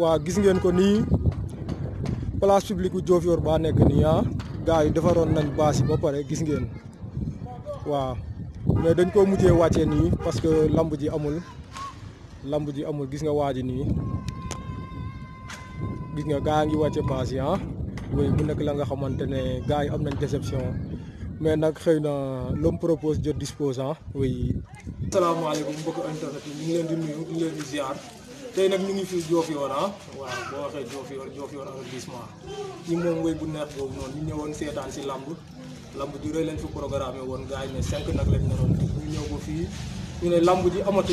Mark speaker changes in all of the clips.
Speaker 1: waa gis ngeen ko nii place publique bu baa nekk nii ah gars yi defaroon nañ baas yi ba pare gis ngeen waa mais dañ koo mujjee wàcce nii parce que lamb ji amul lamb ji amul gis nga waa nii gis nga gaa ngi wàcce baas yi ah yooyu bu nekk la nga xamante ne gars yi am nañ déception mais nak xeyna l'homme propose Dieu disposant hein. ah oui. salaamaaleykum mbokki internet yi ñu ngi leen di nuyu ñu ngi leen di ziar tay nak ñu ngi fi Diofior ah waaw boo waxee Diofior Diofior arrondissement ñi mom way bu neex boobu non ñu ñewon sétan ci lamb lamb ju rëy leen fi programmé won gaay yi 5 nak nag lañ naroon ñu ñew ko fi ñu ne lamb ji amatu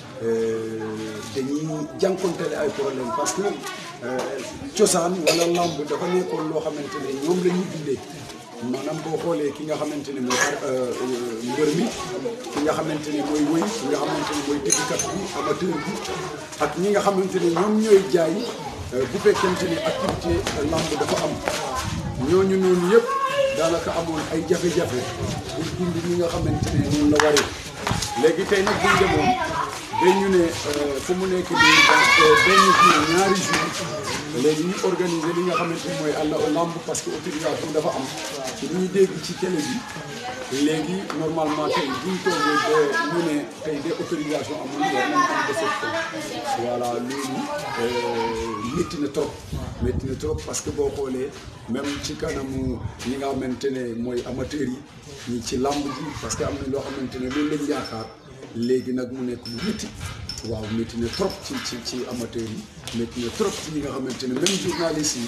Speaker 2: Euh, dañuy jànkontele ay problème parce que euh, cosaan wala lamb dafa nekkoon loo xamante ne ñoom la ñuy dundee maanaam boo xoolee ki nga xamante ne mooy euh, mbër ki nga xamante ne mooy woy ki nga xamante ne mooy déglukat bi amateur bi ak ñi nga xamante ne ñoom ñooy jaay bu fekkente ne activité lamb dafa am ñooñu noonu yëpp daanaka amoon ay jafe-jafe pour dund ñi nga xamante noonu la waree léegi tey nag bu ñu demoon dañu ne euh, fu mu nekk nii euh, benn jour ñaari jour léegi ñu organiser li nga xamante ni mooy àlla lamb parce que autorisation dafa am ci li ñu dégg ci télé bi léegi normalement tey bu ñu toogee ba ñu ne tey de autorisation amul war nañ am de cette voilà loolu euh, métti na trop métti na trop parce que boo xoolee même ci kanamu ñi nga xamante ne mooy amateurs yi ñi ci làmb ji parce que am na loo xamante ne loolu lañ yaakaar léegi nag mu nekk lu métti waaw métti na trop ci ci ci amateurs yi métti na trop ci ñi nga xamante ne même journalistes yi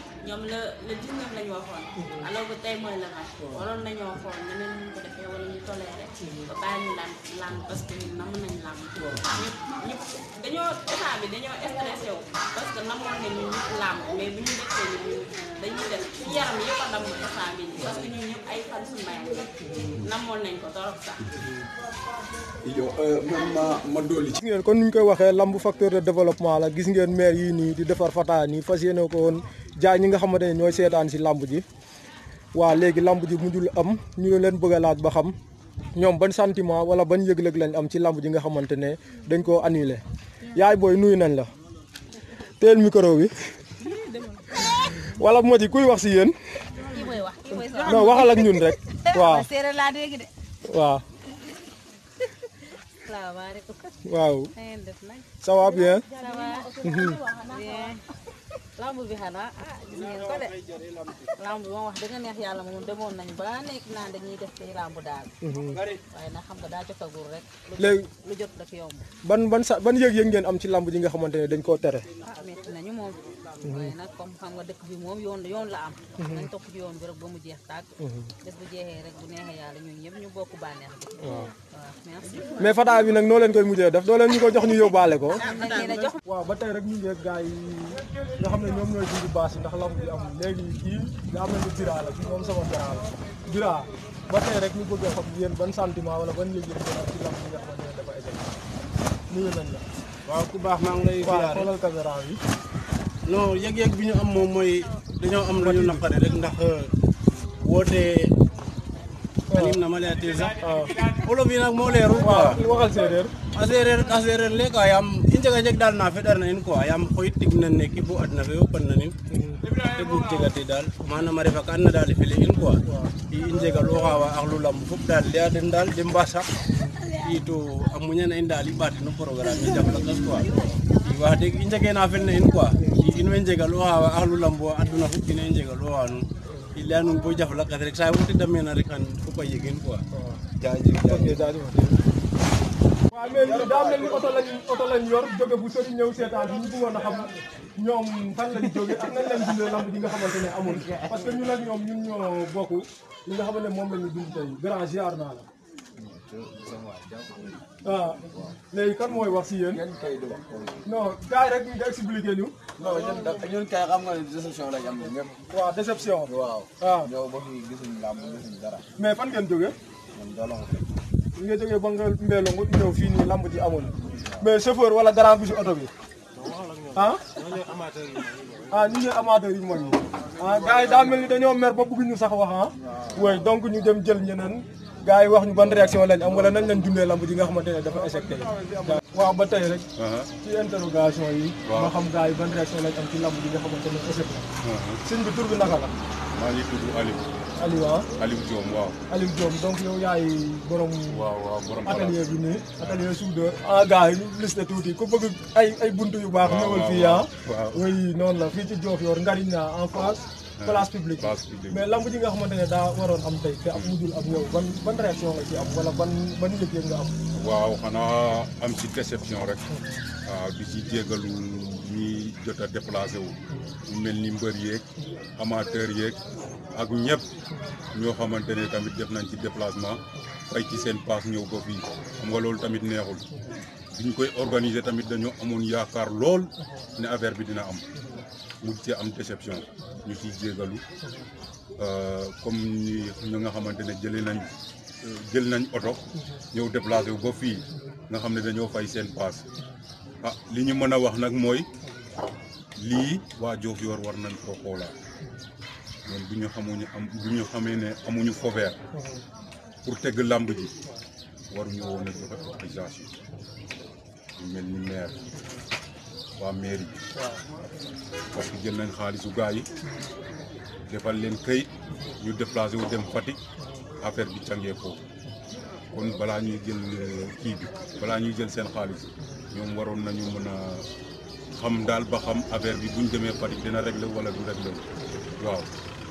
Speaker 2: ñoom la le 19 waxoon. Mhm. alors que mooy le vingt. waroon nañoo xool ñeneen defee wala ñu toléré. Mhm. ba bàyyi ñu laan laan parce que ñun namm nañ laan. ñëpp ñëpp dañoo état bi dañoo stressé wu. parce ñu ñëpp laan bu ñu defee ñu ci yaram mhm.
Speaker 1: euh, kon ni ñu koy waxee lambu facteur de développement la gis ngeen maire yii nii di defar fataa nii fas yéene ko woon. jaay ñi nga xamante ne ñooy seetaan si làmb ji waa léegi làmb ji mujjul am ñu leen bëgg a laaj ba xam ñoom ban sentiment wala ban yëg-yëg lañ am ci làmb ji nga xamante ne dañ koo annulé yaay booy nuyu nañ la teel micro bi wala moo ci kuy wax si yéen
Speaker 2: non waxal ak ñun rek waaw waaw waaw bien lamb bi xanaa ah gis ngeen ko de lamb bi moom wax dëgg neex yàlla moom demoon nañ ba nekk naan dañuy def ci lamb daal.
Speaker 3: Mhm. waaye
Speaker 2: nag xam nga daa rek. léegi lu jot rek yomb.
Speaker 1: ban ban sa ban yëg-yëg ngeen am ci lamb ji nga xamante ne dañ koo tere. Ah,
Speaker 2: waaye nag comme xam nga dëkk bi moom yoon yoon la am mhm. nañ topp yoon bi rek ba mu jeex tàkk mhm.
Speaker 1: bés bu jeexee rek bu neexee yàlla ñun ñëpp ñu bokk bànneex bi waaw merci mais Fata bi nag noo leen koy mujjee def doo leen ko jox ñu yóbbaale ko ah, waaw ba tey rek ñu ngi gars yi nga xam ne ñoom ñooy dindi baas yi ndax lamb bi am léegi kii nga xam ne lu moom sama bira la ba tey rek ñu bëgg a xam yéen ban sentiment wala ban yëg-yëg bi nga
Speaker 3: waaw ku baax maa ngi lay xoolal
Speaker 1: caméra non yëg-yëg bi ñu am moom mooy dañoo am lu ñu naqare rek ndax euh, wootee tanim na ma lay sax ah. wolof yi nag moo leeru waxal séeréer ah, ah, a séeréer le quoi yaam i njega jeg daal na feɗar na in quoi yaam xoyit tig nan neke bo adna fe yopan na nin te bug jegate daal manam a refa ka andna daal fele in quoi i i njega looxa na in ino enje jega loa lambo aduna fu ino en jega loa nu illa nu bo jaf la kadrek sa wuti damme na rekan fu pa yegin quoi jaaji jaaji jaaji wa ni da ni auto lañ auto lañ yor joge bu sori ñew sétan ñu bu wona xam ñom fan lañ joge ak nañ lañ dundé lamb ji nga xamantene amul parce que ñu nak ñom ñun ñoo bokku li nga xamantene mom lañu dund tay grand ziar la ah léegi kan mooy wax si yéen. yéen kay di wax. non gars yi rek nga expliqué ñu. da ñun kay xam nga ne déception lañ am ñun ñëpp. waaw déception. waaw ah. mais fan ngeen jógee. man Ndolong. li nga jógee ba nga Mbelongo ñëw fii nii làmb ji amoon mais chauffeur wala garant si oto bi. ah. ah ñu ngi amateur yi mooy ñu. ah gars yi daa mel ni dañoo mer ba bëgg ñu sax wax ah. waaw donc ñu dem jël ñeneen. gars yi wax ñu ban réaction lañ am wala nañ leen dundee lamb ji nga xamante ne dafa échec tey waaw ba tey rek uh-huh. ci interrogation yi ma xam gars yi ban réaction
Speaker 4: lañ am ci lamb ji nga xamante ne échec la uh-huh. sëñ bi tur bi naka la maa ngi tudd Aliou Aliou ah Aliou Diom waaw
Speaker 1: Aliou Diom donc yow yaay borom waaw waaw borom atelier bi nii atelier soudeur ah gars yi liste tuuti ku bëgg ay bunt yu baax ñëwal fii ah waaw noonu la fii ci Diofior Ngariñ na en face Euh, place publique mais lamb ji nga xamante ne daa waroon am tey te am mujjul am yow ban ban réaction nga am wala ban ban yëg nga am waaw
Speaker 4: xanaa am ci déception rek waaw ah, di ci jégalu ñi jot a déplacé wu ñu mel ni mbër yeeg amateur yeeg ak ñëpp ñoo xamante ne tamit def nañ ci déplacement fay ci seen paas ñëw ko fii xam nga loolu tamit neexul bi ñu koy organiser tamit dañoo amoon yaakaar lool ne affaire bi dina am mu ci am déception ñu ciy jégalu euh, comme ñu nga xamante ne jëlee nañ jël nañ oto ñëw déplacé wu ba fii nga xam ne dañoo fay seen paas ah li ñu mën a wax nag mooy lii waa Diofior war nañ ko xoolaat ñoom bu ñu xamuñu am bu ñu xamee ne amuñu feu vert pour tegg làmb ji waruñu woon a joxe autorisation ñu mel ni maire waa mairie bi. parce que jël nañ xaalisu gars yi defal leen këyit ñu déplacé wu dem Fatick affaire bi cangee foofu kon balaa ñuy jël euh, kii bi balaa ñuy jël seen xaalis ñoom waroon nañu mën a xam daal ba xam affaire bi buñ demee Fatick dina réglé wala du réglé waaw.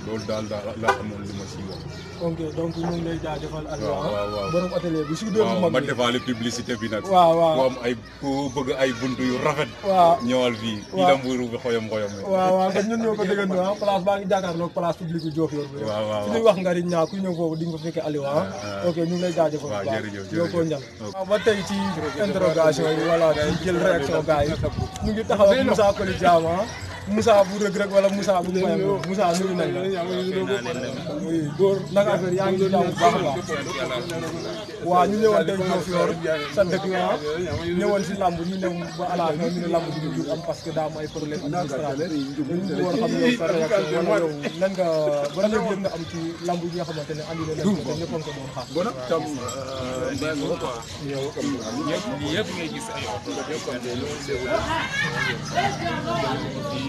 Speaker 4: loolu daal daal laa amoon li ma si wax.
Speaker 1: ok donc ñu ngi lay jaajëfal. waaw ah. waaw waaw borom atelier bi su doon mag ma
Speaker 4: defaale publicité bi nag. waaw waaw mu ay ku bëgg ay buntu yu rafet. waaw ñëwal fii. waaw bi xoyom xoyom. waaw
Speaker 1: waaw kon ñun ñoo ko déggandoo ah place baa ngi jàkkaarloog place wax nga di ñaa ñëw foofu di ko fekkee Aliou ah. ah. ok ñu ngi lay jaajëfal. waaw jërëjëf jërëjëf waaw njal. waaw ah, ba tey ci interrogation yi voilà ci jël réaction gars yi ñu ngi taxaw Moussa Coly Moussa bu Reug Reug wala Moussa bu Boy Mbour Moussa nuyu yaa ngi ci jàmm bu baax a baax.
Speaker 3: waaw ñu ñëwoon tey Diofior sa dëkk nga ñëwoon si
Speaker 1: lamb ñu ñëw ba à la ñu ne lamb bi du am parce que daa am ay problème administratif ñu war xam yow sa réaction wala yow lan nga ba léegi nga am ci lamb yi nga xamante ne andi na leen ko ñëpp ko doon xaar. bon tam
Speaker 2: euh, ñëpp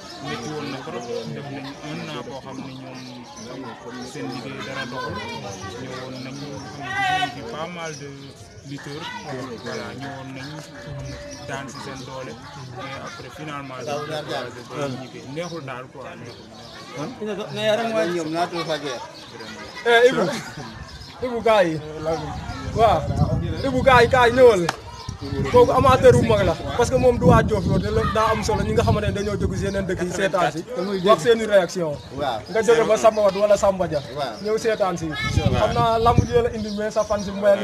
Speaker 3: métti woon na trop def nañ un boo xam ne ñoom seen liggéey dara doxul ñëwoon nañ ci pas mal de lutteurs voilà ñëwoon nañ daan si seen doole mais après finalement neexul daal quoi neexul ñoom naatu fa jeex
Speaker 1: eh Ibou Ibou gars yi euh, waaw Ibou gars yi kaay ñëwal kooku amateur bu mag moom du waa Joof loolu te loolu daa am solo ñi nga sa fan si mbay mi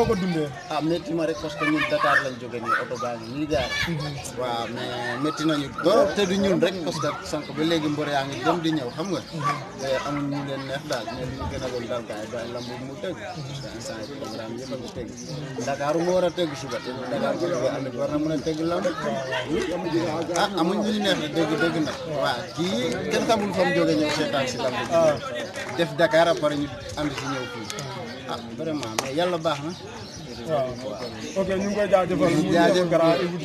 Speaker 1: a ko dundee ah, que
Speaker 2: ñun Dakar lañ jóge nii oto baa ngi nii gaar mhm. rek parce que ba léegi mbër yaa ngi dem di ñëw xam nga
Speaker 1: mhm.
Speaker 2: amuñ ñu leen neex daal mais li ñu gën a loolu daal gaay bàyyi mu dëgg mhm. changé programme ñëpp a ngi tëgg
Speaker 1: Dakar moo war a tëgg
Speaker 2: suba te Dakar bu ñu ànd war na mën a tëgg lamb ah a lu ñu neex de dëgg dëgg nag waaw kii kenn xamul fa mu jógee ñëw seetaan si lamb ah. def Dakar a ñu ànd si ñëw fii ah vraiment mais yàlla baax na waaw
Speaker 1: ok ñu ngi a jaajëfal mu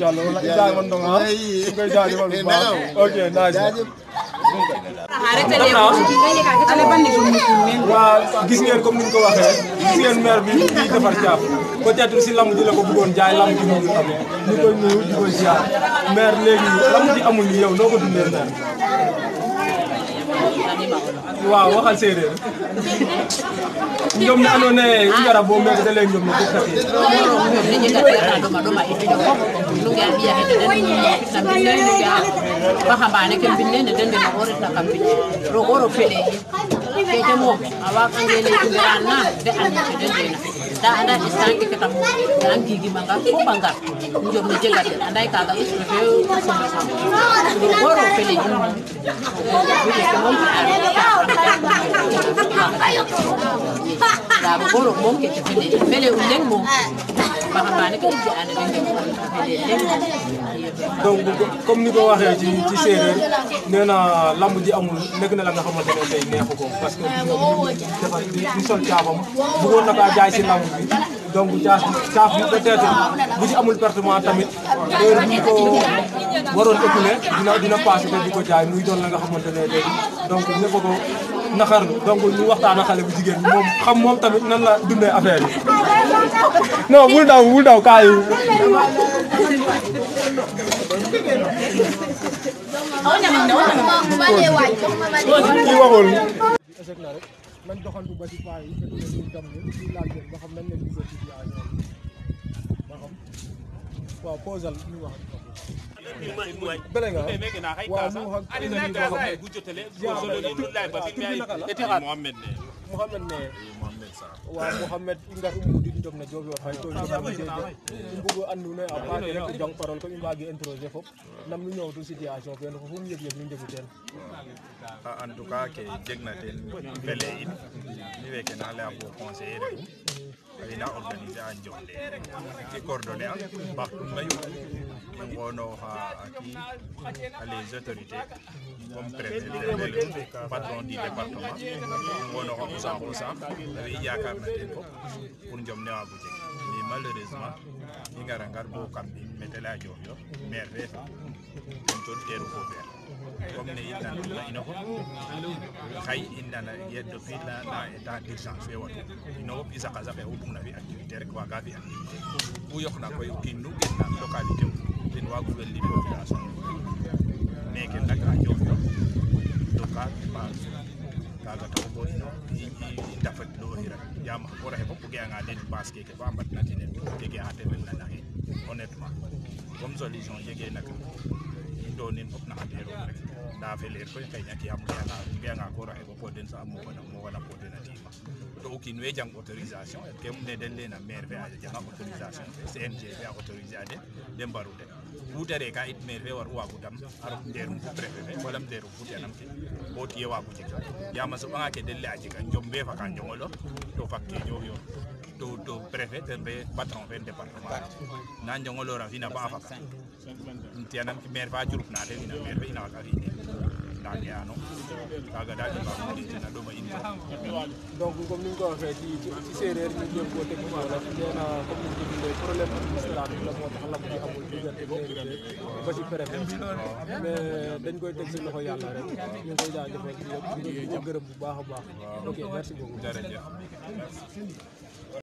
Speaker 1: jaajëf waa gis ngeen comme ni ko waxee gis ngeen bi di defar caaf peut-être si lamb ji la ko bëggoon jaay lamb ji moom ñu am ñu koy nuyu di ko ziar ji amul yow noo ko dundee maire waaw waxal séeréer ñoom na andoona yee i ngara bo mene da lay ñoom no bugkate
Speaker 2: ɗoma ituño fop nu nge a ɓiya xe den na mbine nu nge a baxambaane ke mbine ne de ndefa o retna kam mbine roog o roog felee in keke moom a waagange lay i ngara na de ando ke de ndeena da anda istangi kita dan gigi mangga kau bangga njom ni jega anda ka ga isu fe sulu goro
Speaker 1: pele da goro pilih ke pele waxambaane ko comme ni ko waxee ci ci séeréer nee na lamb ji amul nekk na la nga xamante ne tey neexu ko parce que dafa di sol caabam bëggoon na kaa jaay si lamb bi donc caaf caaf bi peut bu ci amul pertement tamit heure bu ko waroon écouler dina dina passé ko di jaay muy doon la nga xamante ne tey donc ne ko naxar donc ñu waxtaan ak xale bu jigéen moom xam moom tamit nan la dundee affaire yi. non bul daw bul daw kaay. kii waxul. nañ doxantu ba ci paa yi fekk na ñu tam ñu laaj ba xam nañ leen gisee situation ba xam. waaw posal ñu wax bele nga waaw mu wax eh. Mohamed ne Mohamed ne eh, waaw Mohamed i ngar um udit jom na jof yo xay to jogamate i mbugo anduna ye a paake rek jang parole comme i mbaage nam nu ñoowtu situation fe no fofum yeg yeg nu njegu teen
Speaker 3: ah, en tout cas ke jeg na teen fele in mi weke na laya bo conseiller refu président organisé ha jonde e coordonné am mbaxtum mayu e ngono ha aki les autorités comme préfet le patron du département pour malheureusement i ngara ngar bo kamɓe mete leya joof yo maire fe fa um cooɗ teeru fo feer comme ne i nanuna ino fop xay i nana ye depuis la la état d' urgence fe watu ino fop i saqa saqe xu bugna fi activité rek waaga fi activité ku yoqna koy o kiin nu genna localité um ten waagu welli population meeke nak a joof yo doka paas kaga taw bo no dafat lorira jam ko rahe ko bugue nga den baske ke ba mbat natine jege hate men na nahe honnêtement comme solution jege nak do nin fop na atero rek da feler ko kay nyaki am ya na bugue nga ko rahe ko poden sa mo wala mo wala poden atima to o kin we jang autorisation et kem ne den le na a jang autorisation CNG a autorisé de dem barude fuutere ka it maire fe war u waagu dam a rok ndeerum fo préfet fe wala ndeerum fo nam ke bo tiye waagu jeg yaam a soɓanga ke den a jega jom fe faka njongolo to fak ke ñoof yoon to to préfet ten fe patron fe département na njongolora fina ba a faka tiyanam maire fa jurup na ten ina maire fe ina waka fi tàggee ano kaaga daal i mbaag o ndet ten a ɗoma in
Speaker 1: donc comme ni nga ko waxee ci ci séeréer ñu jéem koo teg wala neena comme ni jibile problème administratif la moo tax lam ci amul diggante ba ci préfet mais dañ koy teg si loxo yàlla rek ñu ngi koy jaajëfal ci yëpp ñu gërëm bu baax a baax ok merci beaucoup jërëjëf